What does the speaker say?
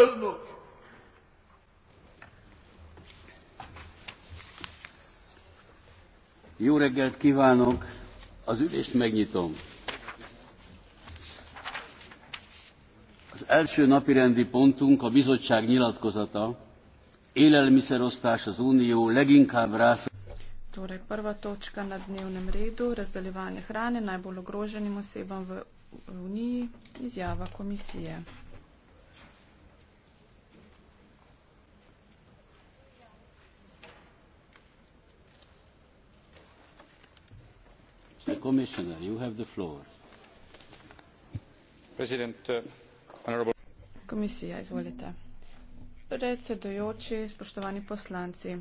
ölmür. Jó reggelt kívánok! Az ülést megnyitom. Az első napi rendi pontunk a bizottság nyilatkozata. Élelmiszerosztás az Unió leginkább rász. Torej, prva točka na dnevnem redu, razdeljevanje hrane najbolj ogroženim osebam v Uniji, izjava komisije. commissioner you have the floor president uh, honorable komisija izvolite predsedujoči spoštovani poslanci